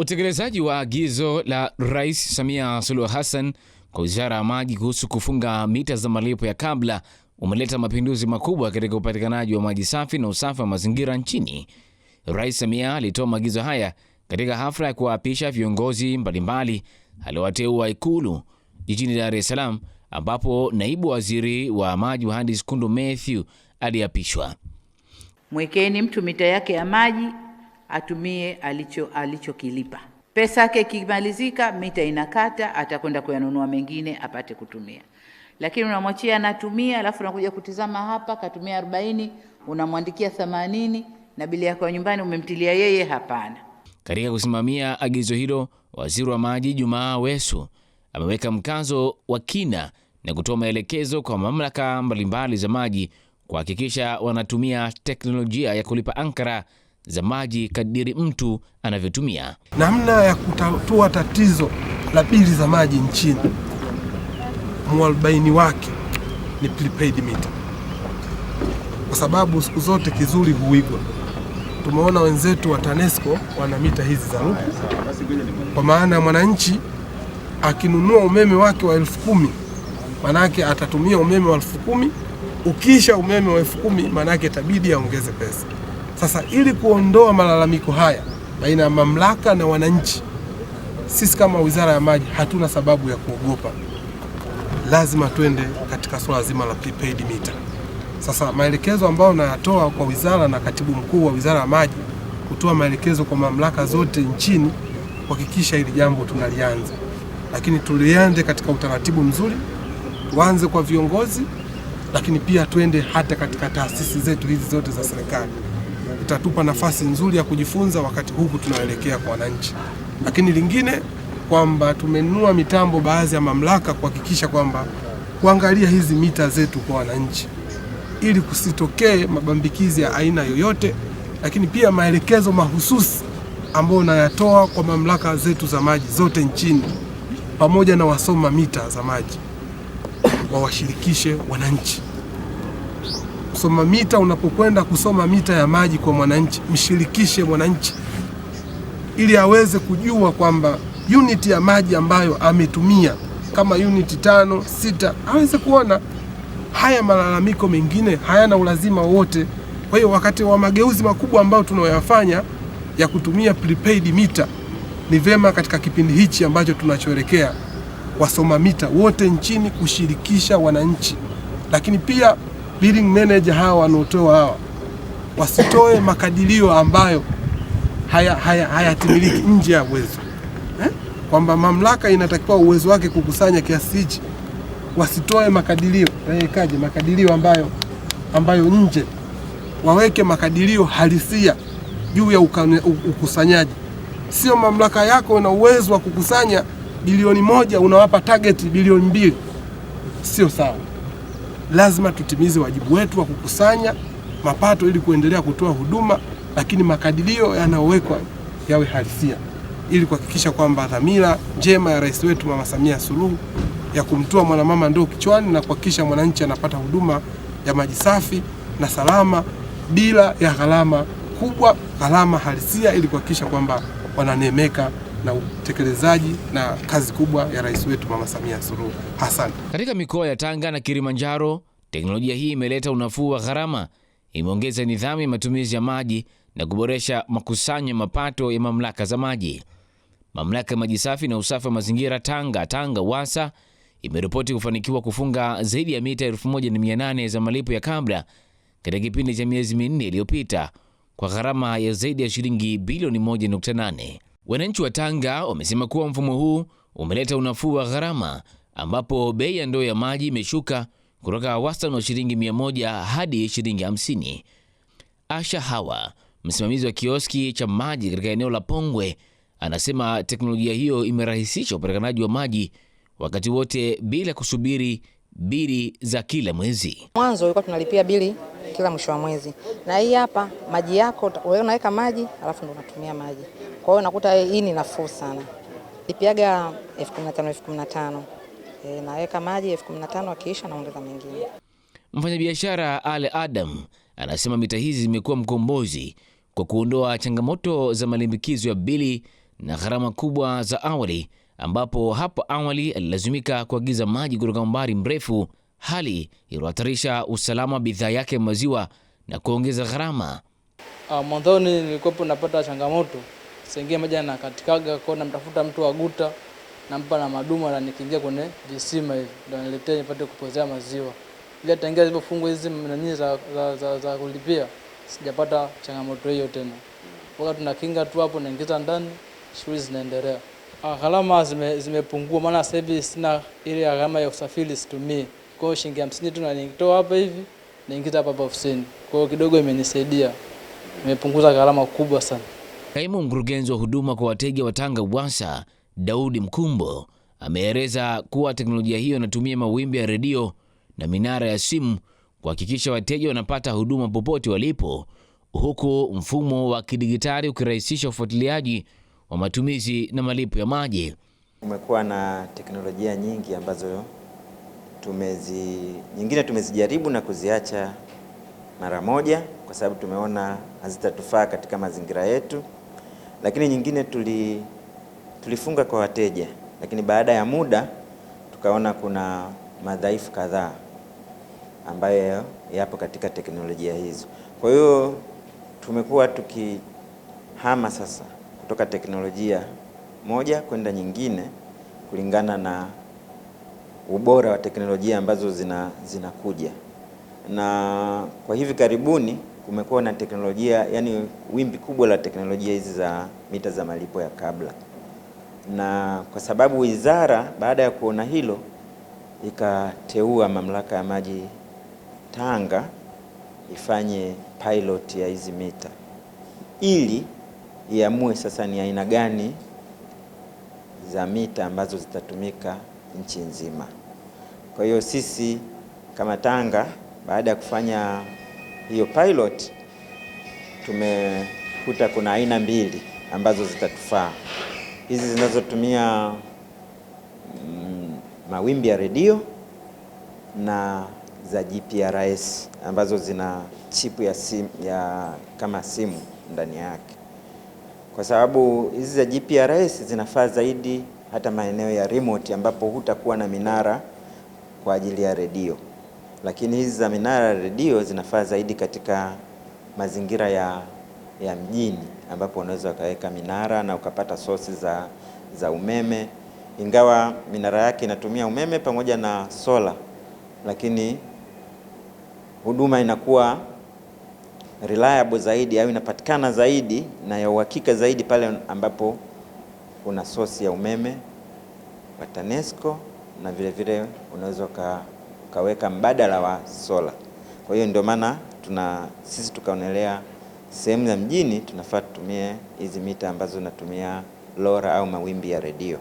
Utekelezaji wa agizo la Rais Samia Suluhu Hassan kwa Wizara ya Maji kuhusu kufunga mita za malipo ya kabla umeleta mapinduzi makubwa katika upatikanaji wa maji safi na usafi wa mazingira nchini. Rais Samia alitoa maagizo haya katika hafla ya kuwaapisha viongozi mbalimbali aliowateua Ikulu jijini Dar es Salaam, ambapo naibu waziri wa maji Mhandisi Kundu Mathew aliapishwa. Mwekeni mtu mita yake ya maji atumie alicho alichokilipa. Pesa yake ikimalizika, mita inakata, atakwenda kuyanunua mengine apate kutumia. Lakini unamwachia anatumia, alafu unakuja kutizama hapa, katumia arobaini, unamwandikia themanini na bili yako ya nyumbani umemtilia yeye. Hapana. Katika kusimamia agizo hilo, waziri wa maji Jumaa Wesu ameweka mkazo wa kina na kutoa maelekezo kwa mamlaka mbalimbali za maji kuhakikisha wanatumia teknolojia ya kulipa ankara za maji kadiri mtu anavyotumia. Namna ya kutatua tatizo la bili za maji nchini, mwarobaini wake ni prepaid meter, kwa sababu siku zote kizuri huigwa. Tumeona wenzetu wa TANESCO wana mita hizi za luku, kwa maana mwananchi akinunua umeme wake wa elfu kumi manake atatumia umeme wa elfu kumi Ukiisha umeme wa elfu kumi manake itabidi aongeze pesa. Sasa ili kuondoa malalamiko haya baina ya mamlaka na wananchi, sisi kama Wizara ya Maji hatuna sababu ya kuogopa. Lazima twende katika swala zima la prepaid meter. Sasa maelekezo ambayo nayatoa kwa wizara na katibu mkuu wa Wizara ya Maji kutoa maelekezo kwa mamlaka zote nchini kuhakikisha hili jambo tunalianza, lakini tulianze katika utaratibu mzuri, tuanze kwa viongozi, lakini pia twende hata katika taasisi zetu hizi zote za serikali itatupa nafasi nzuri ya kujifunza wakati huku tunaelekea kwa wananchi. Lakini lingine kwamba tumenunua mitambo baadhi ya mamlaka kuhakikisha kwamba kuangalia hizi mita zetu kwa wananchi ili kusitokee mabambikizi ya aina yoyote, lakini pia maelekezo mahususi ambayo nayatoa kwa mamlaka zetu za maji zote nchini pamoja na wasoma mita za maji wawashirikishe wananchi kusoma mita. Unapokwenda kusoma mita ya maji kwa mwananchi, mshirikishe mwananchi ili aweze kujua kwamba unit ya maji ambayo ametumia kama unit tano sita, aweze kuona haya malalamiko mengine hayana ulazima wowote. Kwa hiyo wakati wa mageuzi makubwa ambayo tunayoyafanya ya kutumia prepaid mita, ni vyema katika kipindi hichi ambacho tunachoelekea wasoma mita wote nchini kushirikisha wananchi, lakini pia billing manager hawa wanaotoa hawa wasitoe makadirio ambayo hayatimiliki haya, haya nje ya uwezo eh? Kwamba mamlaka inatakiwa uwezo wake kukusanya kiasi hichi, wasitoe makadirio eh, kaje makadirio ambayo, ambayo nje, waweke makadirio halisia juu ya ukusanyaji. Sio mamlaka yako ina uwezo wa kukusanya bilioni moja unawapa target bilioni mbili, sio sawa lazima tutimize wajibu wetu wa kukusanya mapato ili kuendelea kutoa huduma, lakini makadirio yanayowekwa yawe halisia ili kuhakikisha kwamba dhamira njema ya rais wetu Mama Samia Suluhu ya kumtoa mwanamama ndoo kichwani na kuhakikisha mwananchi anapata huduma ya maji safi na salama bila ya gharama kubwa, gharama halisia, ili kuhakikisha kwamba wananemeka na utekelezaji na kazi kubwa ya rais wetu Mama Samia Suluhu Hassan. Katika mikoa ya Tanga na Kilimanjaro, teknolojia hii imeleta unafuu wa gharama, imeongeza nidhamu ya matumizi ya maji na kuboresha makusanyo ya mapato ya mamlaka za maji. Mamlaka ya maji safi na usafi wa mazingira Tanga, Tanga Wasa, imeripoti kufanikiwa kufunga zaidi ya mita 1800 za malipo ya kabla katika kipindi cha miezi minne iliyopita kwa gharama ya zaidi ya shilingi bilioni 1.8. Wananchi wa Tanga wamesema kuwa mfumo huu umeleta unafuu wa gharama, ambapo bei ya ndoo ya maji imeshuka kutoka wastani wa shilingi 100 hadi shilingi 50. Asha Hawa, msimamizi wa kioski cha maji katika eneo la Pongwe, anasema teknolojia hiyo imerahisisha upatikanaji wa maji wakati wote bila kusubiri bili za kila mwezi. Mwanzo ulikuwa tunalipia bili kila mwisho wa mwezi, na hii hapa maji yako, unaweka maji alafu ndo unatumia maji. Kwa hiyo nakuta hii ni nafuu sana. Lipiaga elfu kumi na tano elfu kumi na tano e, naweka maji elfu kumi na tano akiisha naongeza mengine. Mfanyabiashara Ale Adam anasema mita hizi zimekuwa mkombozi kwa kuondoa changamoto za malimbikizo ya bili na gharama kubwa za awali, ambapo hapo awali alilazimika kuagiza maji kutoka umbali mrefu, hali iliyohatarisha usalama wa bidhaa yake maziwa na kuongeza gharama. Ah, mwanzoni nilikuwa napata changamoto Sengia maja na katikaga kwa namtafuta mtu wa guta nampa na maduma na ananikimbia kwenye visima hivi ndio aniletee nipate kupozea maziwa. Ila tangia zipo fungu hizi nani za za, za, za kulipia sijapata changamoto hiyo tena. Wakati tunakinga tu hapo naingiza ndani shughuli zinaendelea. Ah, gharama zime, zimepungua maana sasa hivi sina ile gharama ya usafiri situmii. Kwa hiyo shilingi 50 tu nanitoa hapa hivi naingiza hapa hapa ofisini. Kwa hiyo kidogo imenisaidia. Imepunguza gharama kubwa sana. Kaimu mkurugenzi wa huduma kwa wateja wa Tanga Uwasa, Daudi Mkumbo, ameeleza kuwa teknolojia hiyo inatumia mawimbi ya redio na minara ya simu kuhakikisha wateja wanapata huduma popote walipo, huku mfumo wa kidigitali ukirahisisha ufuatiliaji wa matumizi na malipo ya maji. Kumekuwa na teknolojia nyingi ambazo tumezi nyingine tumezijaribu na kuziacha mara moja, kwa sababu tumeona hazitatufaa katika mazingira yetu lakini nyingine tuli, tulifunga kwa wateja, lakini baada ya muda tukaona kuna madhaifu kadhaa ambayo yapo katika teknolojia hizo. Kwa hiyo tumekuwa tukihama sasa kutoka teknolojia moja kwenda nyingine kulingana na ubora wa teknolojia ambazo zina, zinakuja na kwa hivi karibuni kumekuwa na teknolojia, yani wimbi kubwa la teknolojia hizi za mita za malipo ya kabla, na kwa sababu wizara baada ya kuona hilo ikateua mamlaka ya maji Tanga ifanye pilot ya hizi mita ili iamue sasa ni aina gani za mita ambazo zitatumika nchi nzima. Kwa hiyo sisi kama Tanga baada ya kufanya hiyo pilot tumekuta kuna aina mbili ambazo zitatufaa, hizi zinazotumia mm, mawimbi ya redio na za GPRS ambazo zina chipu ya sim, ya kama simu ndani yake, kwa sababu hizi za GPRS zinafaa zaidi hata maeneo ya remote ambapo hutakuwa na minara kwa ajili ya redio lakini hizi za minara redio zinafaa zaidi katika mazingira ya, ya mjini ambapo unaweza ukaweka minara na ukapata sosi za, za umeme, ingawa minara yake inatumia umeme pamoja na sola, lakini huduma inakuwa reliable zaidi au inapatikana zaidi na ya uhakika zaidi pale ambapo kuna sosi ya umeme wa TANESCO na vilevile unaweza uka ukaweka mbadala wa sola. Kwa hiyo ndio maana tuna sisi tukaonelea sehemu za mjini tunafaa tutumie hizi mita ambazo zinatumia lora au mawimbi ya redio.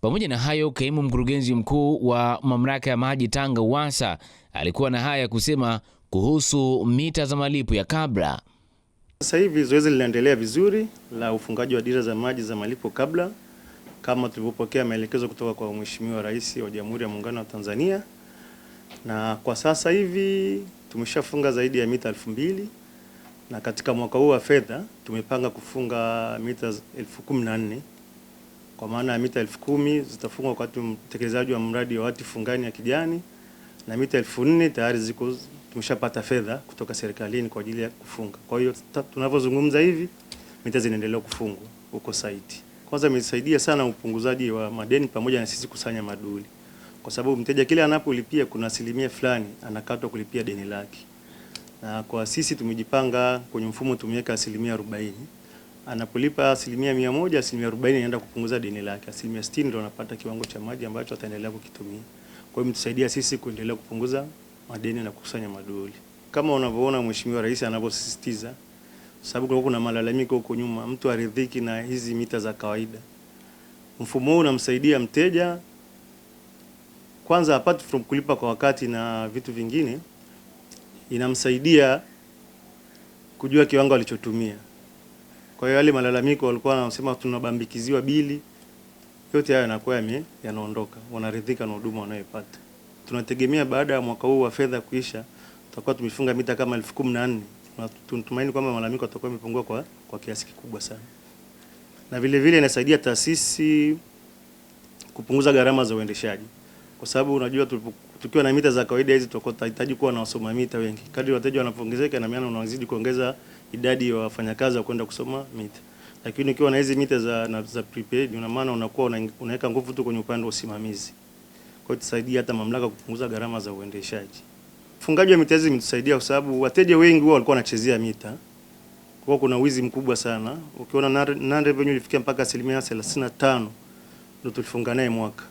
Pamoja na hayo, kaimu mkurugenzi mkuu wa mamlaka ya maji Tanga UWASA alikuwa na haya ya kusema kuhusu mita za malipo ya kabla. Sasa hivi zoezi linaendelea vizuri la ufungaji wa dira za maji za malipo kabla kama tulivyopokea maelekezo kutoka kwa Mheshimiwa Rais wa Jamhuri ya Muungano wa Tanzania, na kwa sasa hivi tumeshafunga zaidi ya mita elfu mbili na katika mwaka huu wa fedha tumepanga kufunga mita elfu kumi na nne kwa maana ya mita elfu kumi zitafungwa wakati mtekelezaji wa mradi wa hati fungani ya kijani na mita elfu nne tayari ziko tumeshapata fedha kutoka serikalini kwa ajili ya kufunga. Kwa hiyo tunavyozungumza hivi mita zinaendelea kufungwa huko saiti kwanza imesaidia sana upunguzaji wa madeni pamoja na sisi kusanya maduli, kwa sababu mteja kile anapolipia kuna asilimia fulani anakatwa kulipia deni lake, na kwa sisi tumejipanga kwenye mfumo, tumeweka asilimia 40 anapolipa asilimia mia moja, asilimia 40 inaenda kupunguza deni lake, asilimia 60 ndio anapata kiwango cha maji ambacho ataendelea kukitumia. Kwa hiyo mtusaidia sisi kuendelea kupunguza madeni na kukusanya maduli, kama unavyoona Mheshimiwa Rais anavyosisitiza sababu kulikuwa kuna malalamiko huko nyuma, mtu aridhiki na hizi mita za kawaida. Mfumo huu unamsaidia mteja kwanza, apart from kulipa kwa wakati na vitu vingine, inamsaidia kujua kiwango alichotumia. Kwa hiyo wale malalamiko walikuwa wanasema tunabambikiziwa bili, yote hayo yanakuwa yanaondoka, wanaridhika na huduma wanayoipata. Tunategemea baada ya mwaka huu wa fedha kuisha, tutakuwa tumefunga mita kama elfu kumi na nne tunatumaini kwamba malalamiko yatakuwa yamepungua kwa, kwa kiasi kikubwa sana, na vile vile inasaidia taasisi kupunguza gharama za uendeshaji, kwa sababu unajua tukiwa na mita za kawaida hizi tutakuwa tunahitaji kuwa na wasoma mita wengi. Kadri wateja wanapoongezeka, na maana unazidi kuongeza idadi ya wafanyakazi wa kwenda kusoma mita, lakini ukiwa na hizi mita za, na, za prepaid una maana unakuwa unaweka nguvu tu kwenye upande wa usimamizi, kwa hiyo tusaidia hata mamlaka kupunguza gharama za uendeshaji. Ufungaji wa mita hizi umetusaidia kwa sababu wateja wengi wao walikuwa wanachezea mita. Kwa kuna wizi mkubwa sana. Ukiona non revenue ilifikia mpaka asilimia 35 ndio tulifunga naye mwaka.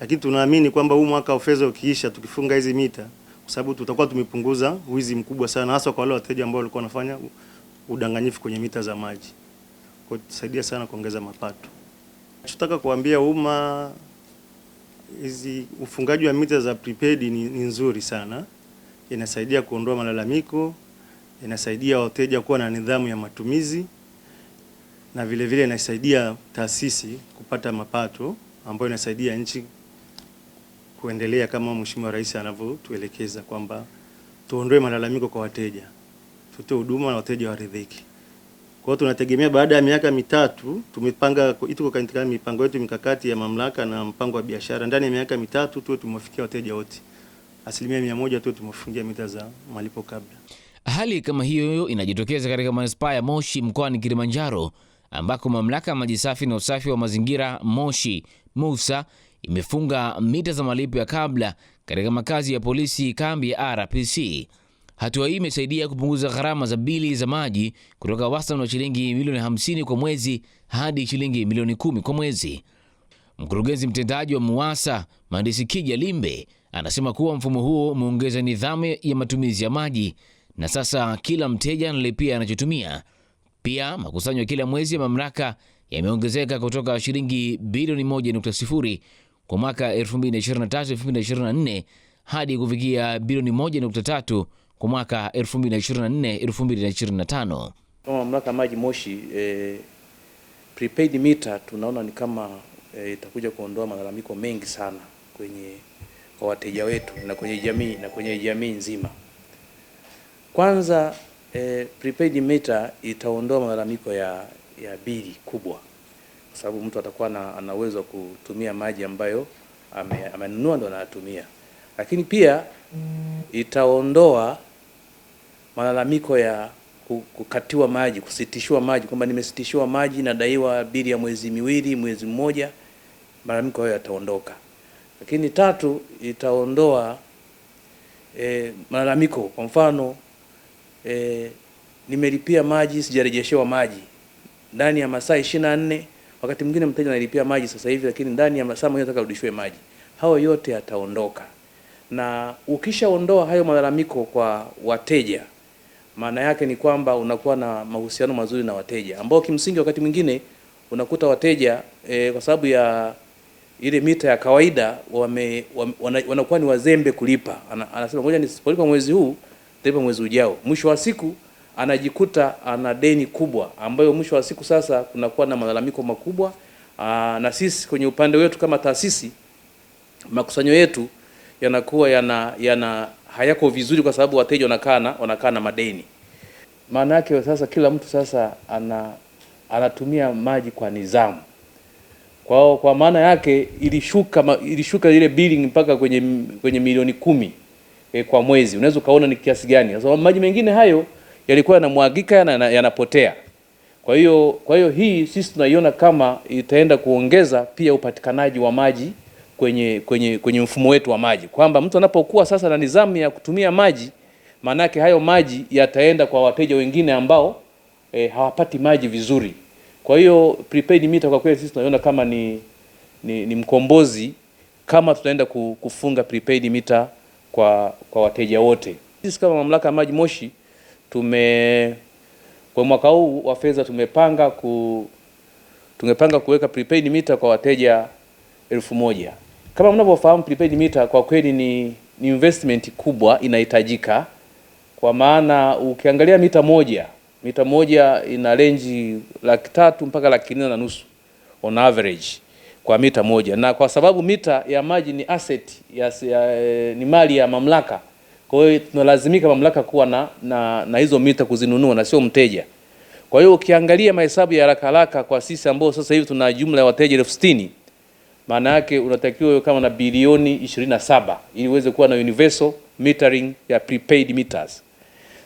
Lakini tunaamini kwamba huu mwaka wa fedha ukiisha, tukifunga hizi mita kwa sababu tutakuwa tumepunguza wizi mkubwa sana hasa kwa wale wateja ambao walikuwa wanafanya udanganyifu kwenye mita za maji. Kwa hiyo tusaidia sana kuongeza mapato. Tunataka kuambia umma hizi ufungaji wa mita za prepaid ni, ni nzuri sana inasaidia kuondoa malalamiko, inasaidia wateja kuwa na nidhamu ya matumizi na vilevile vile inasaidia taasisi kupata mapato ambayo inasaidia nchi kuendelea kama Mheshimiwa Rais anavyotuelekeza kwamba tuondoe malalamiko kwa wateja, tutoe huduma na wateja waridhiki. Kwa hiyo tunategemea baada ya miaka mitatu, tumepanga ituko katika mipango yetu mikakati ya mamlaka na mpango wa biashara, ndani ya miaka mitatu tuwe tumewafikia wateja wote asilimia mia moja tu tumefungia mita za malipo kabla. Hali kama hiyo inajitokeza katika manispaa ya Moshi mkoani Kilimanjaro, ambako mamlaka ya maji safi na usafi wa mazingira Moshi MUSA imefunga mita za malipo ya kabla katika makazi ya polisi kambi ya RPC. Hatua hii imesaidia kupunguza gharama za bili za maji kutoka wastani wa shilingi milioni 50 kwa mwezi hadi shilingi milioni kumi kwa mwezi. Mkurugenzi mtendaji wa MUWASA Mhandisi Kija Limbe Anasema kuwa mfumo huo umeongeza nidhamu ya matumizi ya maji na sasa kila mteja analipia anachotumia. Pia makusanyo ya kila mwezi ya mamlaka yameongezeka kutoka shilingi bilioni 1.0 kwa mwaka 2023/2024 hadi kufikia bilioni 1.3 kwa mwaka 2024/2025. Kama mamlaka ya maji Moshi eh, prepaid meter tunaona ni kama eh, itakuja kuondoa malalamiko mengi sana kwenye kwa wateja wetu na kwenye jamii na kwenye jamii nzima. Kwanza eh, prepaid meter itaondoa malalamiko ya, ya bili kubwa, kwa sababu mtu atakuwa ana uwezo wa kutumia maji ambayo amenunua ndo anayatumia, lakini pia itaondoa malalamiko ya kukatiwa maji, kusitishiwa maji, kwamba nimesitishiwa maji, nadaiwa bili ya mwezi miwili, mwezi mmoja. Malalamiko hayo yataondoka. Lakini tatu, itaondoa e, malalamiko. Kwa mfano e, nimelipia maji sijarejeshewa maji ndani ya masaa ishirini na nne. Wakati mwingine mteja analipia maji sasa hivi, lakini ndani ya masaa moja atarudishwe maji. Hayo yote yataondoka, na ukishaondoa hayo malalamiko kwa wateja, maana yake ni kwamba unakuwa na mahusiano mazuri na wateja ambao kimsingi wakati mwingine unakuta wateja e, kwa sababu ya ile mita ya kawaida wame, wame, wana, wanakuwa ni wazembe kulipa. Ana, anasema ngoja nisipolipa mwezi huu nitalipa mwezi ujao. Mwisho wa siku anajikuta ana deni kubwa ambayo mwisho wa siku sasa kunakuwa na malalamiko makubwa. Aa, na sisi kwenye upande wetu kama taasisi makusanyo yetu yanakuwa yana, yana hayako vizuri kwa sababu wateja wanakaa wanakaa na madeni. Maana yake sasa kila mtu sasa ana, anatumia maji kwa nizamu. Kwa, kwa maana yake ilishuka ilishuka ile billing mpaka kwenye, kwenye milioni kumi e, kwa mwezi. Unaweza ukaona ni kiasi gani, kwa sababu maji mengine hayo yalikuwa yanamwagika yanapotea yana kwa hiyo kwa hiyo hii sisi tunaiona kama itaenda kuongeza pia upatikanaji wa maji kwenye, kwenye, kwenye mfumo wetu wa maji kwamba mtu anapokuwa sasa na nidhamu ya kutumia maji, maanake hayo maji yataenda kwa wateja wengine ambao e, hawapati maji vizuri. Kwa hiyo prepaid meter kwa kweli sisi tunaiona kama ni, ni, ni mkombozi kama tutaenda kufunga prepaid meter kwa, kwa wateja wote. Sisi kama mamlaka ya maji Moshi tume kwa mwaka huu wa fedha tumepanga ku, tumepanga kuweka prepaid meter kwa wateja elfu moja. Kama mnavyofahamu prepaid meter kwa kweli ni, ni investment kubwa inahitajika, kwa maana ukiangalia mita moja mita moja ina renji laki tatu mpaka laki nne na nusu on average kwa mita moja, na kwa sababu mita ya maji ni asset ya, ya, eh, ni mali ya mamlaka. Kwa hiyo tunalazimika mamlaka kuwa na, na, na hizo mita kuzinunua na sio mteja. Kwa hiyo ukiangalia mahesabu ya haraka haraka kwa sisi ambao sasa hivi tuna jumla ya wateja elfu sitini maana yake unatakiwa kama na bilioni 27 ili uweze kuwa na universal metering ya prepaid meters.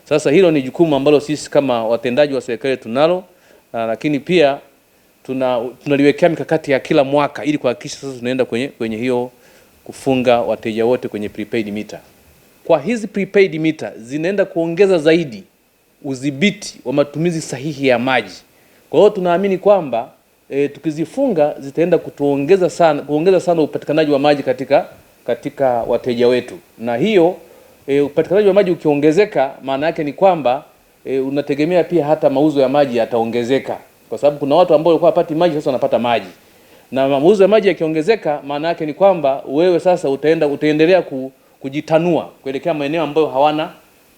Sasa hilo ni jukumu ambalo sisi kama watendaji wa serikali tunalo na, lakini pia tuna tunaliwekea mikakati ya kila mwaka ili kuhakikisha sasa tunaenda kwenye, kwenye hiyo kufunga wateja wote kwenye prepaid meter. Kwa hizi prepaid meter zinaenda kuongeza zaidi udhibiti wa matumizi sahihi ya maji. Kwa hiyo tunaamini kwamba e, tukizifunga zitaenda kutuongeza sana kuongeza sana upatikanaji wa maji katika katika wateja wetu na hiyo e, upatikanaji wa maji ukiongezeka, maana yake ni kwamba e, unategemea pia hata mauzo ya maji yataongezeka, kwa sababu kuna watu ambao walikuwa hawapati maji, sasa wanapata maji, na mauzo ya maji yakiongezeka, maana yake ni kwamba wewe sasa utaenda utaendelea ku, kujitanua kuelekea maeneo ambayo hawana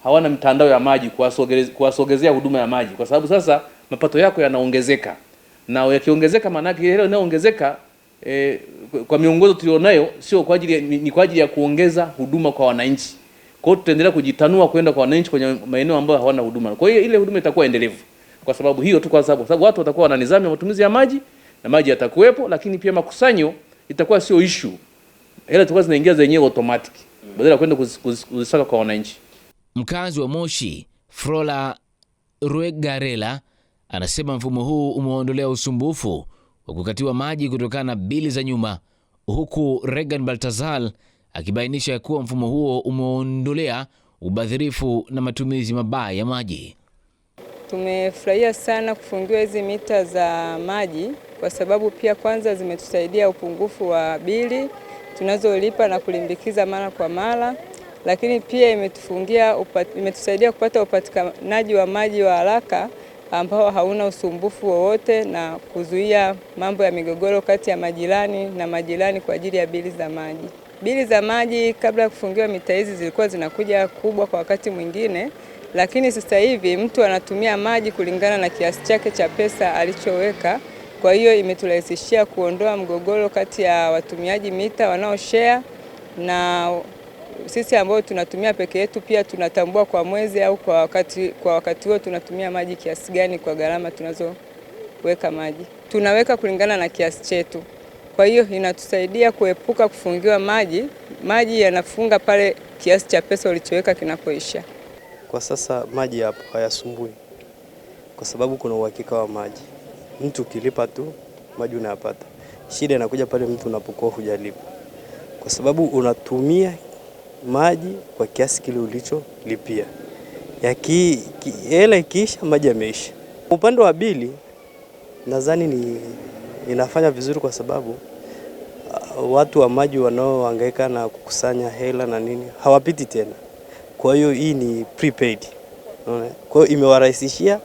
hawana mitandao ya maji, kuwasogezea kuwasogezea huduma ya maji, kwa sababu sasa mapato yako yanaongezeka, na yakiongezeka, maana yake ile inayoongezeka E, kwa miongozo tulionayo sio kwa ajili ni kwa ajili ya kuongeza huduma kwa wananchi. Kwa hiyo tutaendelea kujitanua kwenda kwa wananchi kwenye maeneo ambayo hawana huduma. Kwa hiyo ile huduma itakuwa endelevu. Kwa sababu hiyo tu, kwa sababu sababu watu watakuwa nidhamu ya matumizi ya maji na maji yatakuwepo, lakini pia makusanyo itakuwa sio issue. Hela zitakuwa zinaingia zenyewe automatic badala ya kwenda kuzisaka kwa wananchi. Mkazi wa Moshi Frola Ruegarela anasema mfumo huu umeondolea usumbufu wa kukatiwa maji kutokana na bili za nyuma, huku Regan Baltazal akibainisha kuwa mfumo huo umeondolea ubadhirifu na matumizi mabaya ya maji. Tumefurahia sana kufungiwa hizi mita za maji kwa sababu pia kwanza zimetusaidia upungufu wa bili tunazolipa na kulimbikiza mara kwa mara, lakini pia imetufungia imetusaidia kupata upatikanaji wa maji wa haraka ambao hauna usumbufu wowote na kuzuia mambo ya migogoro kati ya majirani na majirani kwa ajili ya bili za maji. Bili za maji kabla ya kufungiwa mita hizi zilikuwa zinakuja kubwa kwa wakati mwingine, lakini sasa hivi mtu anatumia maji kulingana na kiasi chake cha pesa alichoweka. Kwa hiyo imeturahisishia kuondoa mgogoro kati ya watumiaji mita wanaoshare na sisi ambao tunatumia peke yetu. Pia tunatambua kwa mwezi au kwa wakati kwa wakati huo tunatumia maji kiasi gani kwa gharama tunazoweka maji. Tunaweka kulingana na kiasi chetu. Kwa hiyo inatusaidia kuepuka kufungiwa maji, maji yanafunga pale kiasi cha pesa ulichoweka kinapoisha. Kwa sasa maji hapo hayasumbui, kwa sababu kuna uhakika wa maji. Mtu ukilipa tu maji unayapata. Shida inakuja pale mtu unapokuwa hujalipa, kwa sababu unatumia maji kwa kiasi kile ulicholipia. Yaki hela ikiisha, maji yameisha. Upande wa bili nadhani ni inafanya vizuri kwa sababu watu wa maji wanaohangaika na kukusanya hela na nini hawapiti tena. Kwa hiyo hii ni prepaid. Kwa hiyo imewarahisishia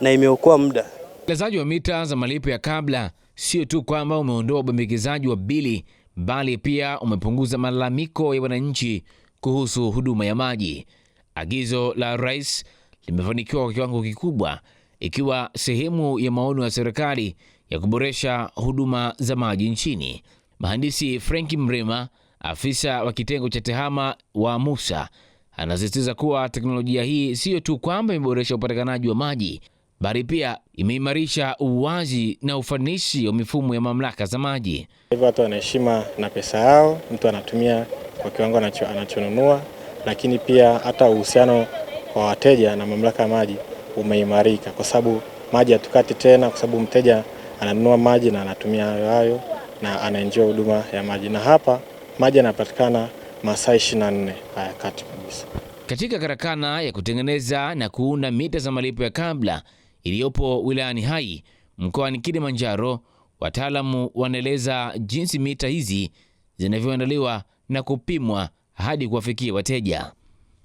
na imeokoa muda. Elezaji wa mita za malipo ya kabla sio tu kwamba umeondoa ubambikizaji wa bili, bali pia umepunguza malalamiko ya wananchi kuhusu huduma ya maji. Agizo la rais limefanikiwa kwa kiwango kikubwa, ikiwa sehemu ya maono ya serikali ya kuboresha huduma za maji nchini. Mhandisi Frenki Mrema, afisa wa kitengo cha tehama wa MUSA, anasisitiza kuwa teknolojia hii siyo tu kwamba imeboresha upatikanaji wa maji bali pia imeimarisha uwazi na ufanisi wa mifumo ya mamlaka za maji. Hivyo watu wanaheshima na pesa yao, mtu anatumia kwa kiwango anachonunua, lakini pia hata uhusiano wa wateja na mamlaka ya maji umeimarika, kwa sababu maji hatukati tena, kwa sababu mteja ananunua maji na anatumia hayo hayo na anaenjoy huduma ya maji, na hapa maji yanapatikana masaa 24 haya kati kabisa. Katika karakana ya kutengeneza na kuunda mita za malipo ya kabla iliyopo wilayani Hai mkoani Kilimanjaro, wataalamu wanaeleza jinsi mita hizi zinavyoandaliwa na kupimwa hadi kuwafikia wateja.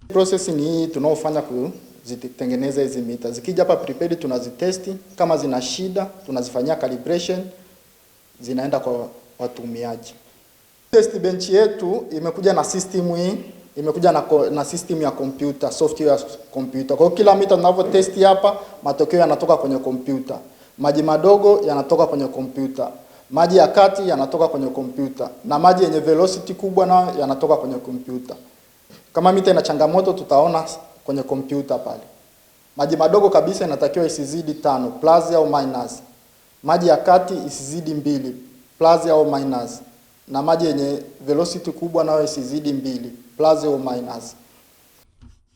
Process ni hii tunaofanya kuzitengeneza hizi mita, zikija hapa prepared tunazitesti, kama zina shida tunazifanyia calibration zinaenda kwa watumiaji. Test bench yetu imekuja na system hii, imekuja na, na system ya computer, software ya computer. Kwa kila mita tunavyo test hapa, matokeo yanatoka kwenye computer. Maji madogo yanatoka kwenye computer. maji ya kati yanatoka kwenye computer na maji yenye velocity kubwa nayo yanatoka kwenye computer. Kama mita ina changamoto, tutaona kwenye computer pale. Maji madogo kabisa inatakiwa isizidi tano plus au minus maji ya kati isizidi mbili plus au minus, na maji yenye velocity kubwa nayo isizidi mbili plus au minus.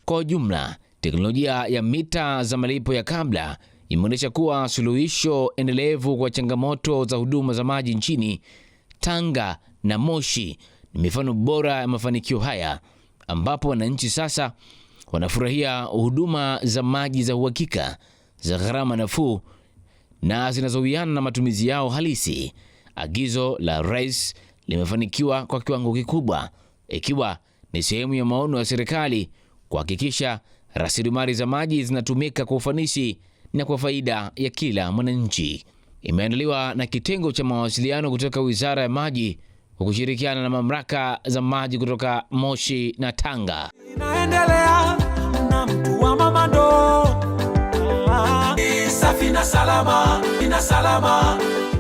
Kwa ujumla, teknolojia ya mita za malipo ya kabla imeonyesha kuwa suluhisho endelevu kwa changamoto za huduma za maji nchini. Tanga na Moshi ni mifano bora ya mafanikio haya, ambapo wananchi sasa wanafurahia huduma za maji za uhakika za gharama nafuu na zinazowiana na matumizi yao halisi. Agizo la rais limefanikiwa kwa kiwango kikubwa, ikiwa ni sehemu ya maono ya serikali kuhakikisha rasilimali za maji zinatumika kwa ufanisi na kwa faida ya kila mwananchi. Imeandaliwa na kitengo cha mawasiliano kutoka Wizara ya Maji kwa kushirikiana na mamlaka za maji kutoka Moshi na Tanga. Inaendelea. Nina salama, nina salama.